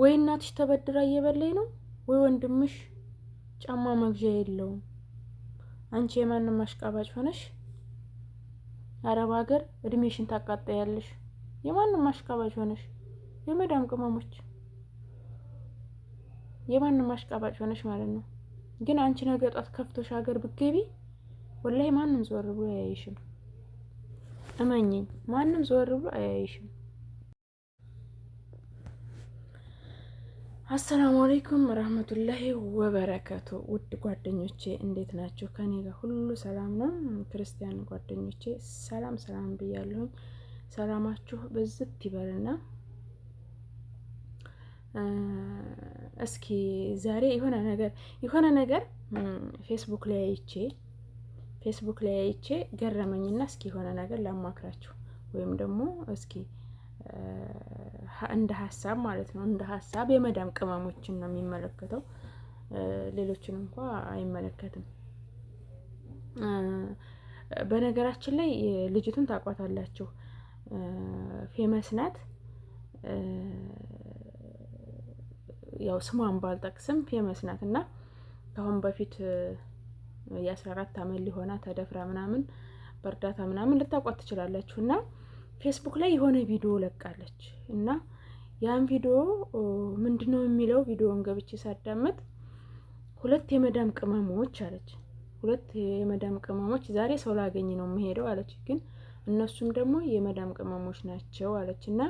ወይ እናትሽ ተበድራ እየበላይ ነው ወይ ወንድምሽ ጫማ መግዣ የለውም። አንቺ የማንም አሽቃባጭ ሆነሽ አረብ ሀገር እድሜሽን ታቃጣያለሽ። የማንም አሽቃባጭ ሆነሽ የመዳም ቅመሞች የማንም አሽቃባጭ ሆነሽ ማለት ነው። ግን አንቺ ነገ ጧት ከፍቶሽ ሀገር ብገቢ ወላይ ማንም ዞር ብሎ አያይሽም። እመኝኝ፣ ማንም ዞር ብሎ አያይሽም። አሰላሙ አሌይኩም ረህመቱላሂ ወበረከቱ። ውድ ጓደኞቼ እንዴት ናቸው ከኔ ጋር ሁሉ ሰላም ነው። ክርስቲያን ጓደኞቼ ሰላም ሰላም ብያለሁኝ። ሰላማችሁ በዝት ይበልና እስኪ ዛሬ የሆነ ነገር የሆነ ነገር ፌስቡክ ላይ አይቼ ፌስቡክ ላይ አይቼ ገረመኝና እስኪ የሆነ ነገር ላማክራችሁ ወይም ደግሞ እስኪ እንደ ሀሳብ ማለት ነው። እንደ ሀሳብ የመዳም ቅመሞችን ነው የሚመለከተው፣ ሌሎችን እንኳ አይመለከትም። በነገራችን ላይ ልጅቱን ታውቋታላችሁ፣ ፌመስ ናት። ያው ስሟን ባልጠቅስም ፌመስ ናት እና ከአሁን በፊት የአስራ አራት አመት ሊሆና ተደፍራ ምናምን በእርዳታ ምናምን ልታውቋት ትችላላችሁ እና ፌስቡክ ላይ የሆነ ቪዲዮ ለቃለች እና ያን ቪዲዮ ምንድነው ነው የሚለው ቪዲዮን ገብቼ ሳዳመጥ ሁለት የመዳም ቅመሞች አለች። ሁለት የመዳም ቅመሞች ዛሬ ሰው ላገኝ ነው የምሄደው አለች። ግን እነሱም ደግሞ የመዳም ቅመሞች ናቸው አለች እና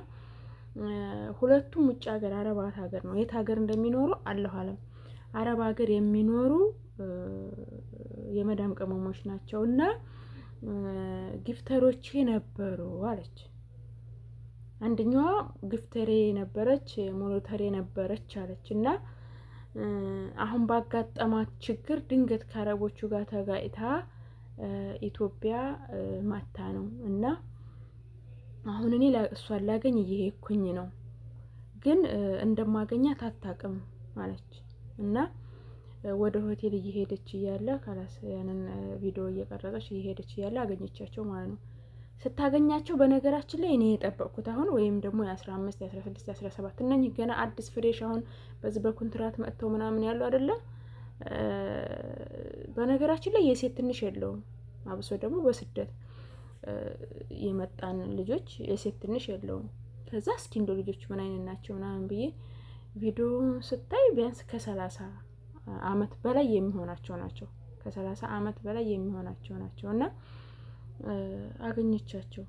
ሁለቱም ውጭ ሀገር አረባት ሀገር ነው የት ሀገር እንደሚኖሩ አለሁ አለም አረብ ሀገር የሚኖሩ የመዳም ቅመሞች ናቸው እና ግፍተሮች ነበሩ አለች። አንደኛዋ ግፍተሬ ነበረች፣ ሞሎተሬ ነበረች አለች እና አሁን ባጋጠማት ችግር ድንገት ከአረቦቹ ጋር ተጋጭታ ኢትዮጵያ ማታ ነው እና አሁን እኔ እሷን ላገኝ እየሄድኩኝ ነው፣ ግን እንደማገኛት አታውቅም አለች እና ወደ ሆቴል እየሄደች እያለ ከላስ ያንን ቪዲዮ እየቀረጸች እየሄደች እያለ አገኘቻቸው ማለት ነው። ስታገኛቸው በነገራችን ላይ እኔ የጠበቅኩት አሁን ወይም ደግሞ የ15 የ16 የ17 እነኝህ ገና አዲስ ፍሬሽ አሁን በዚህ በኮንትራት መጥተው ምናምን ያሉ አይደለም። በነገራችን ላይ የሴት ትንሽ የለውም። አብሶ ደግሞ በስደት የመጣን ልጆች የሴት ትንሽ የለውም። ከዛ እስኪ እንደ ልጆች ምን አይነት ናቸው ምናምን ብዬ ቪዲዮ ስታይ ቢያንስ ከሰላሳ አመት በላይ የሚሆናቸው ናቸው። ከሰላሳ አመት በላይ የሚሆናቸው ናቸው እና አገኘቻቸው።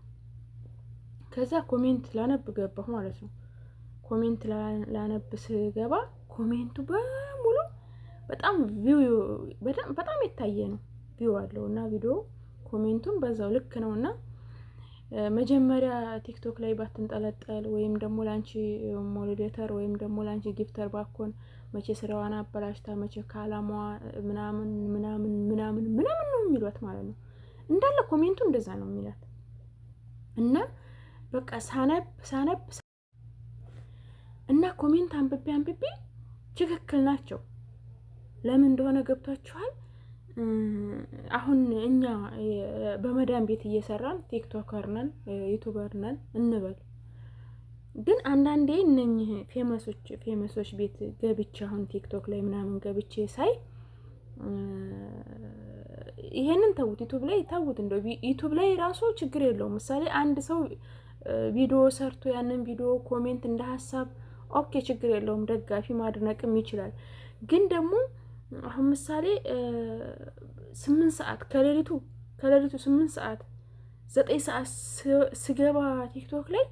ከዛ ኮሜንት ላነብ ገባሁ ማለት ነው። ኮሜንት ላነብ ስገባ ኮሜንቱ በሙሉ በጣም ቪው በጣም የታየ ነው ቪው አለው እና ቪዲዮ ኮሜንቱን በዛው ልክ ነው እና መጀመሪያ ቲክቶክ ላይ ባትንጠለጠል ወይም ደግሞ ለአንቺ ሞዴሬተር ወይም ደግሞ ለአንቺ ጊፍተር ባኮን መቼ ስራዋን አበላሽታ መቼ ከአላማዋ ምናምን ምናምን ምናምን ምናምን ነው የሚሏት ማለት ነው። እንዳለ ኮሜንቱ እንደዛ ነው የሚላት እና በቃ ሳነብ ሳነብ እና ኮሜንት አንብቤ አንብቤ ትክክል ናቸው። ለምን እንደሆነ ገብቷችኋል። አሁን እኛ በመዳን ቤት እየሰራን ቲክቶከር ነን ዩቱበር ነን እንበል። ግን አንዳንዴ እነኝህ ፌመሶች ፌመሶች ቤት ገብቼ አሁን ቲክቶክ ላይ ምናምን ገብቼ ሳይ ይሄንን ተዉት፣ ዩቱብ ላይ ተዉት፣ እንደ ዩቱብ ላይ ራሱ ችግር የለውም። ምሳሌ አንድ ሰው ቪዲዮ ሰርቶ ያንን ቪዲዮ ኮሜንት እንደ ሀሳብ ኦኬ፣ ችግር የለውም። ደጋፊ ማድነቅም ይችላል። ግን ደግሞ አሁን ምሳሌ ስምንት ሰዓት ከሌሊቱ ከሌሊቱ ስምንት ሰዓት ዘጠኝ ሰዓት ስገባ ቲክቶክ ላይ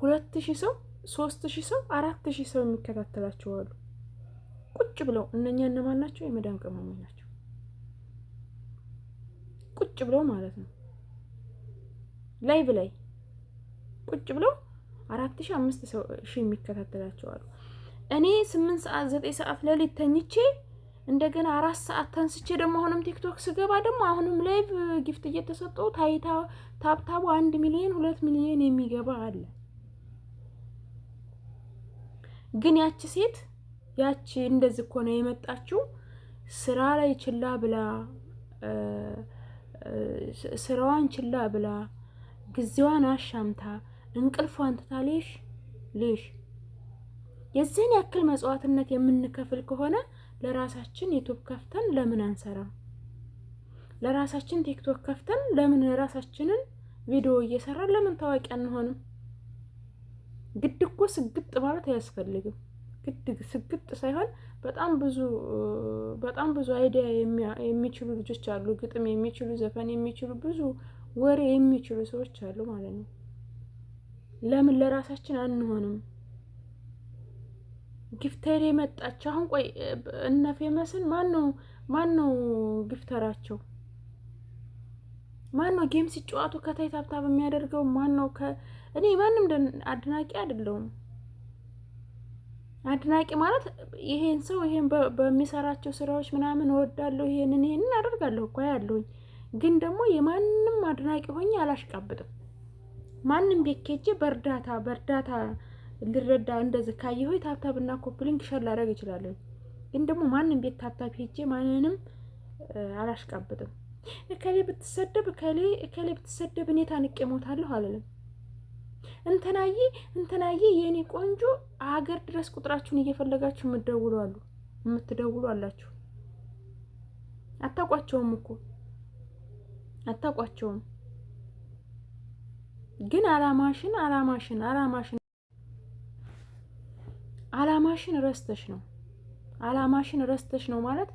ሁለት ሺህ ሰው ሶስት ሺህ ሰው አራት ሺህ ሰው የሚከታተላቸው አሉ። ቁጭ ብለው እነኛ እነማን ናቸው? የመዳን ቅመሞች ናቸው። ቁጭ ብለው ማለት ነው። ላይቭ ላይ ቁጭ ብለው አራት ሺህ አምስት ሺህ የሚከታተላቸው አሉ። እኔ ስምንት ሰዓት ዘጠኝ ሰዓት ሌሊት ተኝቼ እንደገና አራት ሰዓት ተንስቼ ደግሞ አሁንም ቲክቶክ ስገባ ደግሞ አሁንም ላይቭ ጊፍት እየተሰጠው ታይታ ታብታቡ አንድ ሚሊዮን ሁለት ሚሊዮን የሚገባ አለ። ግን ያቺ ሴት ያቺ እንደዚህ እኮ ነው የመጣችው ስራ ላይ ችላ ብላ ስራዋን ችላ ብላ ጊዜዋን አሻምታ እንቅልፏን ትታሌሽ ሌሽ የዚህን ያክል መጽዋዕትነት የምንከፍል ከሆነ ለራሳችን ዩቱብ ከፍተን ለምን አንሰራም? ለራሳችን ቲክቶክ ከፍተን ለምን ራሳችንን ቪዲዮ እየሰራን ለምን ታዋቂ አንሆንም? ግድ እኮ ስግጥ ማለት አያስፈልግም። ግድ ስግጥ ሳይሆን በጣም ብዙ በጣም ብዙ አይዲያ የሚችሉ ልጆች አሉ። ግጥም የሚችሉ ዘፈን የሚችሉ ብዙ ወሬ የሚችሉ ሰዎች አሉ ማለት ነው። ለምን ለራሳችን አንሆንም? ጊፍተር የመጣቸው አሁን ቆይ እነ ፌመስን ማነው ማነው ጊፍተራቸው ነው ጌም ሲጫወቱ ከታይ ታብታብ የሚያደርገው ማነው እኔ ማንም አድናቂ አይደለሁም አድናቂ ማለት ይሄን ሰው ይሄን በሚሰራቸው ስራዎች ምናምን እወዳለሁ ይሄንን ይሄንን አደርጋለሁ እኮ ያለሁኝ ግን ደግሞ የማንም አድናቂ ሆኜ አላሽቃብጥም ማንም ቤኬጄ በእርዳታ በእርዳታ እንድረዳ እንደዚህ ካየሆይ ታብታብ እና ኮፕሊንግ ሸር ላደርግ ይችላለሁ። ግን ደግሞ ማንም ቤት ታብታብ ሄጄ ማንንም አላሽቃብጥም። እከሌ ብትሰደብ እከሌ እከሌ ብትሰደብ እኔ ታንቄ ሞታለሁ አለለም። እንትናዬ እንትናዬ የእኔ ቆንጆ አገር ድረስ ቁጥራችሁን እየፈለጋችሁ የምትደውሉ አሉ የምትደውሉ አላችሁ። አታውቋቸውም እኮ አታውቋቸውም። ግን አላማሽን አላማሽን አላማሽን አላማሽን ረስተሽ ነው። አላማሽን ረስተሽ ነው ማለት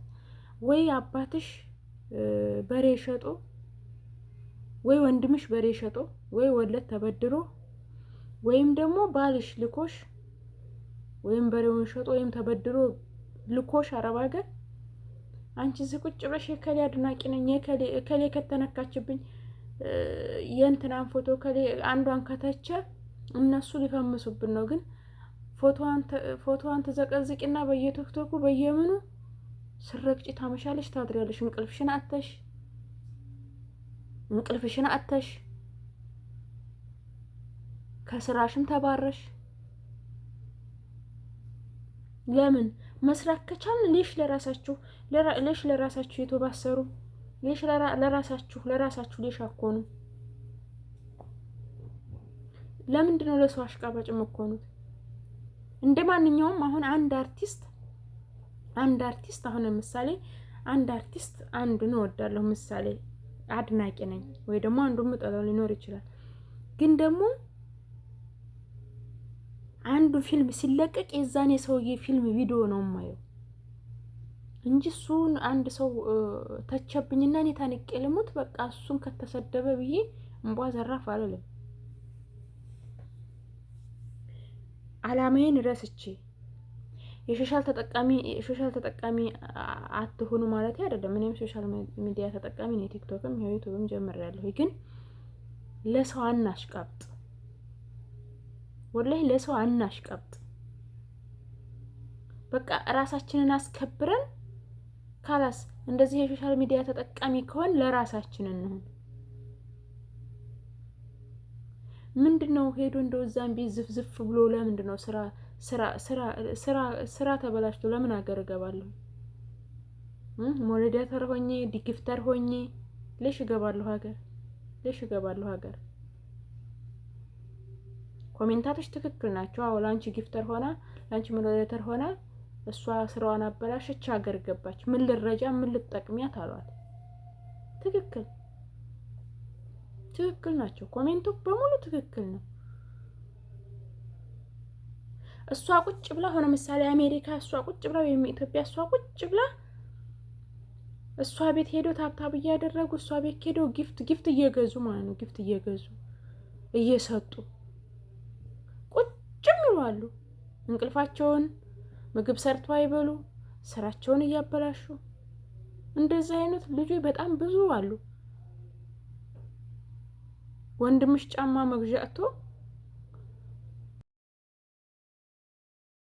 ወይ አባትሽ በሬ ሸጦ ወይ ወንድምሽ በሬ ሸጦ ወይ ወለድ ተበድሮ ወይም ደግሞ ባልሽ ልኮሽ ወይም በሬውን ሸጦ ወይም ተበድሮ ልኮሽ አረብ ሀገር አንቺ እዚህ ቁጭ ብለሽ የከሌ አድናቂ ነኝ የከሌ ከተነካችብኝ የእንትናን ፎቶ ከሌ አንዷን ከተቸ እነሱ ሊፈምሱብን ነው ግን ፎቶዋን ትዘቀዝቂና በየቲክቶኩ በየምኑ ስረግጭ ታመሻለሽ፣ ታድሪያለሽ። እንቅልፍሽን አተሽ እንቅልፍሽን አተሽ ከስራሽም ተባረሽ። ለምን መስራት ከቻልን ሌሽ ለራሳችሁ ሌሽ ለራሳችሁ የተባሰሩ ሌሽ ለራሳችሁ ለራሳችሁ ሌሽ አኮኑ። ለምንድን ነው ለሰው አሽቃባጭ መኮኑት? እንደ ማንኛውም አሁን አንድ አርቲስት አንድ አርቲስት አሁን ለምሳሌ አንድ አርቲስት አንዱን እወዳለሁ ምሳሌ አድናቂ ነኝ ወይ ደግሞ አንዱን ምጠላው ሊኖር ይችላል። ግን ደግሞ አንዱ ፊልም ሲለቀቅ የዛን የሰውዬ ፊልም ቪዲዮ ነው የማየው እንጂ እሱን አንድ ሰው ተቸብኝና እኔ ታንቄ ልሙት በቃ እሱን ከተሰደበ ብዬ እምቧ ዘራፍ አልልም። አላማዬን ረስቼ የሶሻል ተጠቃሚ የሶሻል ተጠቃሚ አትሆኑ ማለት አይደለም። እኔም ሶሻል ሚዲያ ተጠቃሚ ነው። ቲክቶክም ዩቱብም ጀምሬያለሁ። ግን ለሰው አናሽቃብጥ፣ ወላሂ ለሰው አናሽቃብጥ። በቃ ራሳችንን አስከብረን ካላስ እንደዚህ የሶሻል ሚዲያ ተጠቃሚ ከሆን ለራሳችን እንሆን። ምንድን ነው ሄዶ እንደው እዛም ቤት ዝፍዝፍ ብሎ ለምንድን ነው ስራ ስራ ስራ ተበላሽቶ ለምን ሀገር እገባለሁ? ሞለዳተር ሆኜ ዲግፍተር ሆኜ ሌሽ እገባለሁ ሀገር ሌሽ እገባለሁ ሀገር። ኮሜንታቶች ትክክል ናቸው። አዎ ለአንቺ ጊፍተር ሆና ለአንቺ ሞለዳተር ሆና እሷ ስራዋን አበላሸች፣ ሀገር ገባች። ምን ልረጃ ምን ልጠቅሚያት አሏት። ትክክል ትክክል ናቸው። ኮሜንቱ በሙሉ ትክክል ነው። እሷ ቁጭ ብላ ሆነ ምሳሌ አሜሪካ እሷ ቁጭ ብላ ወይም ኢትዮጵያ እሷ ቁጭ ብላ እሷ ቤት ሄዶ ታብታብ እያደረጉ እሷ ቤት ሄዶ ጊፍት ጊፍት እየገዙ ማለት ነው ጊፍት እየገዙ እየሰጡ ቁጭ ይሏሉ። እንቅልፋቸውን ምግብ ሰርቶ አይበሉ፣ ስራቸውን እያበላሹ እንደዚህ አይነት ልጆች በጣም ብዙ አሉ። ወንድምሽ ጫማ መግዣ እቶ